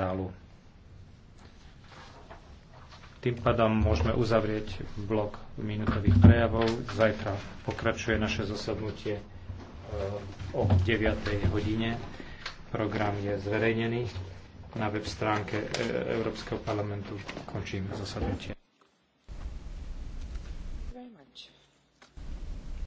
kapitálu. Tým pádom môžeme uzavrieť blok minútových prejavov. Zajtra pokračuje naše zasadnutie e, o 9. hodine. Program je zverejnený na web stránke e, Európskeho parlamentu. končím zasadnutie.